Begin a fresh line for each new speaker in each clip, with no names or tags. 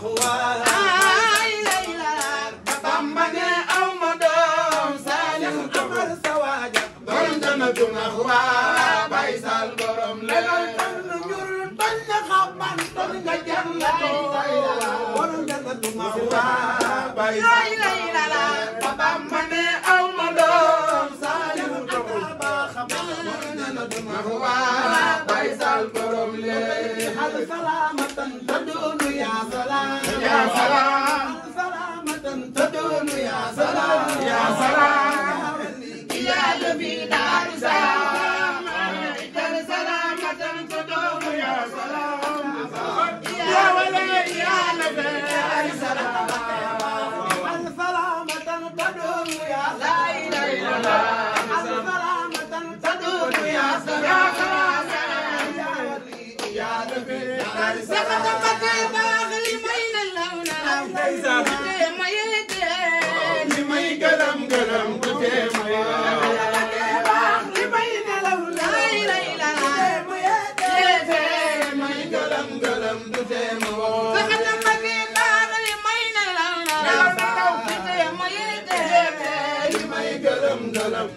Wow. salaam ya salaam ya salaam ya salaam ya salaam Galam galam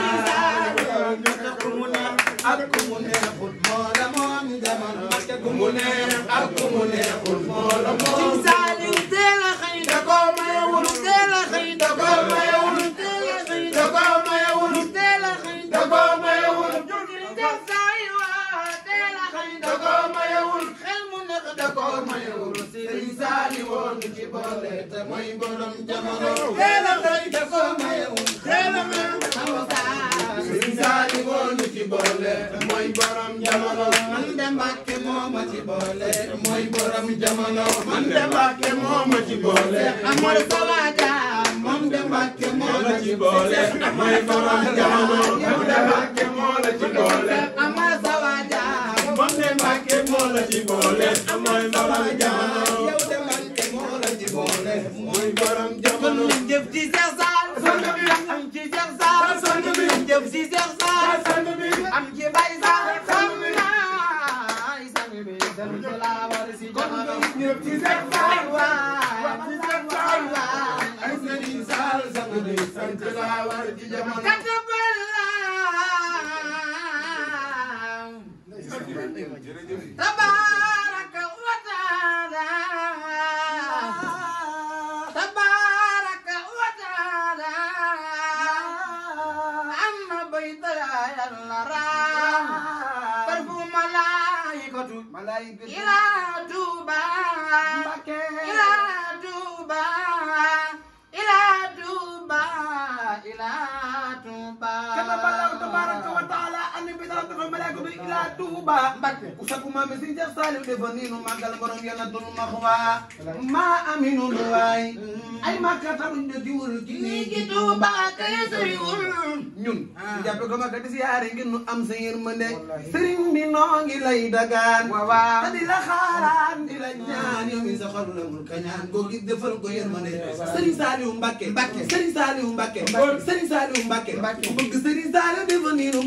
ak ku mu neex ak ku mu neexul moo la moom boole mooy borom jamono man de Mbàkke moo ma ci boole amul sawaada man de Mbàkke moo la ci boole mooy borom jamono man de Mbàkke moo la ci boole amul sawaada man de Mbàkke moo la ci boole amul borom jamono yow de Mbàkke moo la ci boole mooy borom jamono jëf ci Seex Saar am ci Seex Saar am ci Seex Saar am ci la ra ma lay bëgg ilaa Tuubaa yàgg bi ilaa Tuuba Mbakke ku sakku maam si Seex Saaliw defa nii nu màggal borom yàlla dunu maxwa maa aminu waay ay màkka taruñ de ci wul ci nii gi Tuuba kay sëriwul ñun ah. ñu jàppe ko màkka di siyaare ngir nu am sa yërmande sëriñ bi noo ngi lay dagaan waaw di la xaaraan di la ñaan yow mi sa xol lamul ka ñaan koo gis defal ko yërmande sëriñ Saaliw Mbakke Mbakke sëriñ Saaliw Mbakke sëriñ Saaliw Mbakke bëgg sëriñ saale a fa niinu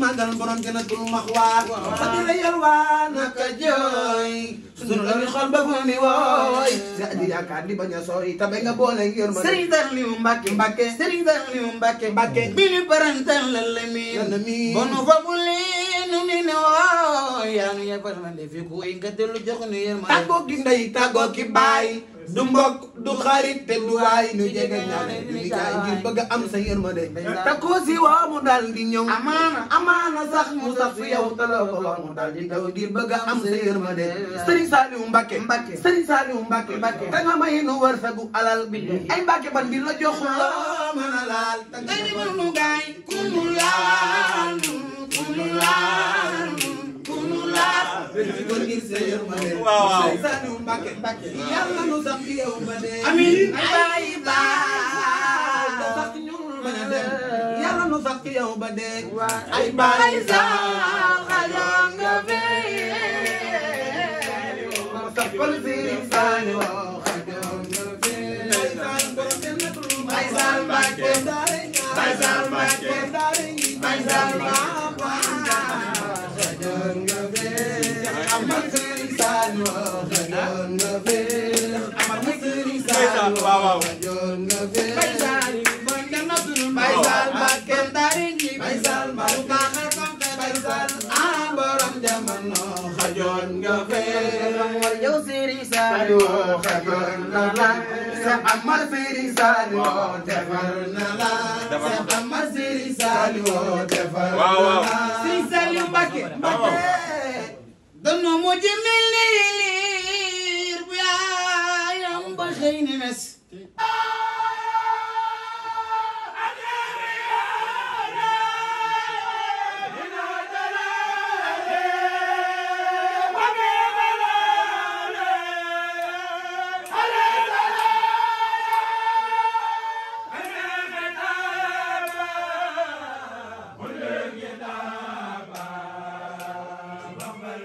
xol ba fu mi wooy nga di yaakaar di bañ a sooy tabe nga boole ngir ma sëriñ dar liwu mbàkke mbàkke sëriñ dar liwu mbàkke mbàkke bi ni parantan la lami bonu fa bu leenu ni wooy yaa nu yebal na defi ku way nga dellu jox nu yërmande tàggoo ki ndey tàggoo ki baay du mbokk du xarit te du waay nu jege ñaane du liggéey ngir bëgg am sa yërmande te ku si woo mu dal di ñëw amaana amaana sax mu sax fi yow taloo ngir bëgg am sa yërmande Serigne Saliou Mbacké Mbacké Serigne Saliou Mbacké Mbacké te nga alal bi ay Mbacké ban bi la mën a laal mën nu gaay ku nu yàlla nu sax ci yow ba dee. amiin ay baay yàlla nu sax ci yow ba dee. ay baay sax xajoo nga fee. saxal si saal yoo xajoo nga fee. ay saal Mbàkke ay saal Mbàkke waaw waaw waaw danu mujj mi liir bu yaayam ba xëy ni mes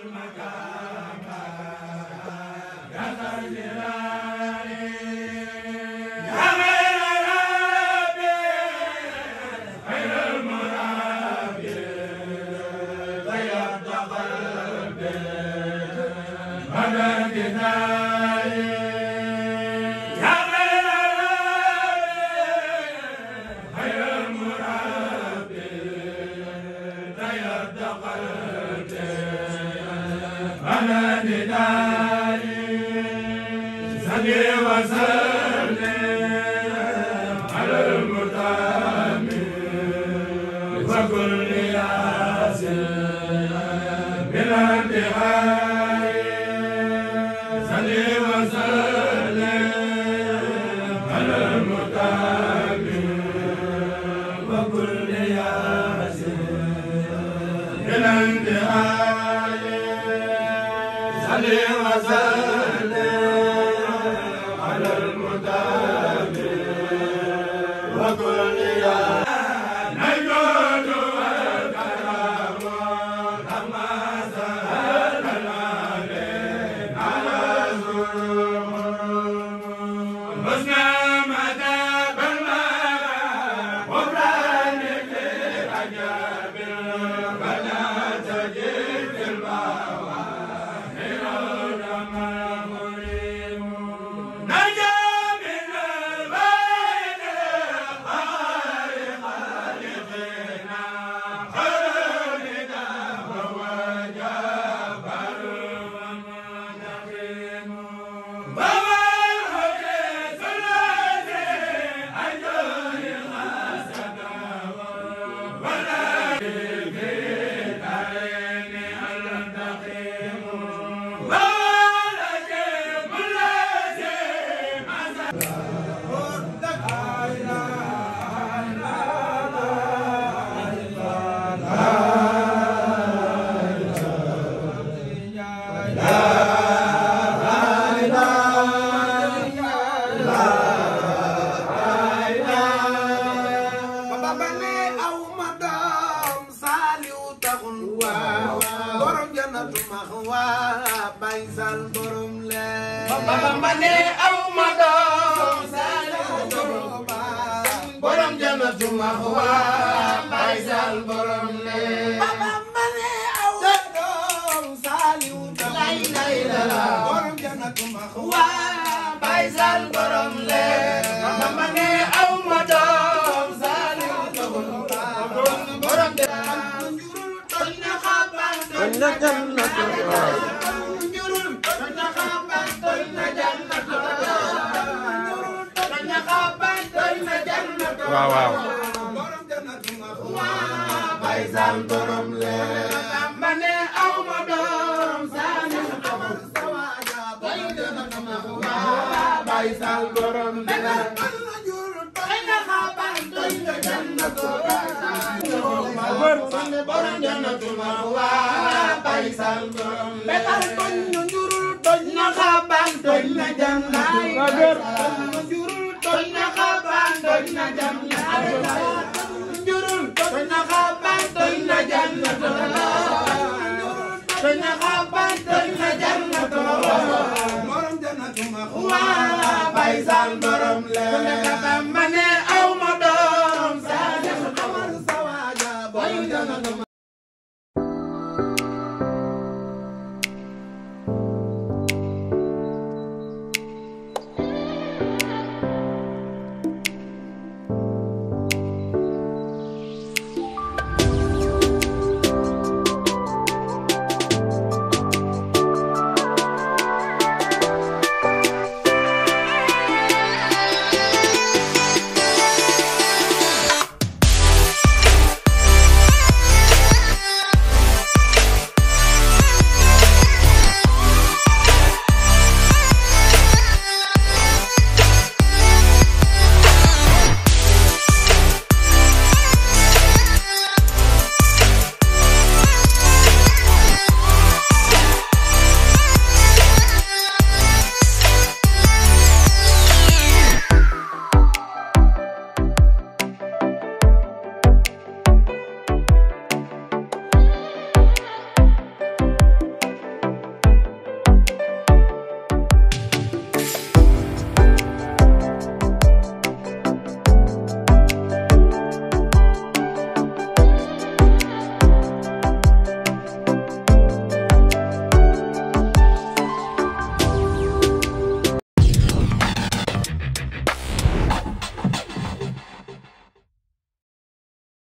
المكان mane aw ma doom saalihu turba borom jannatu mahwa bay sal borom ne baba mane aw ma doom saalihu turba lay lala borom jannatu mahwa bay sal borom ne baba mane aw ma doom saalihu turba borom jannatu mahwa bay sal borom ne waaw sal borom leer ma ne aw ma na njurul toñ na toj na jannatul njurul toj na xaban toj na jannatul toj na xaban toj na jannatul morom jannatuma waa bay sal borom leen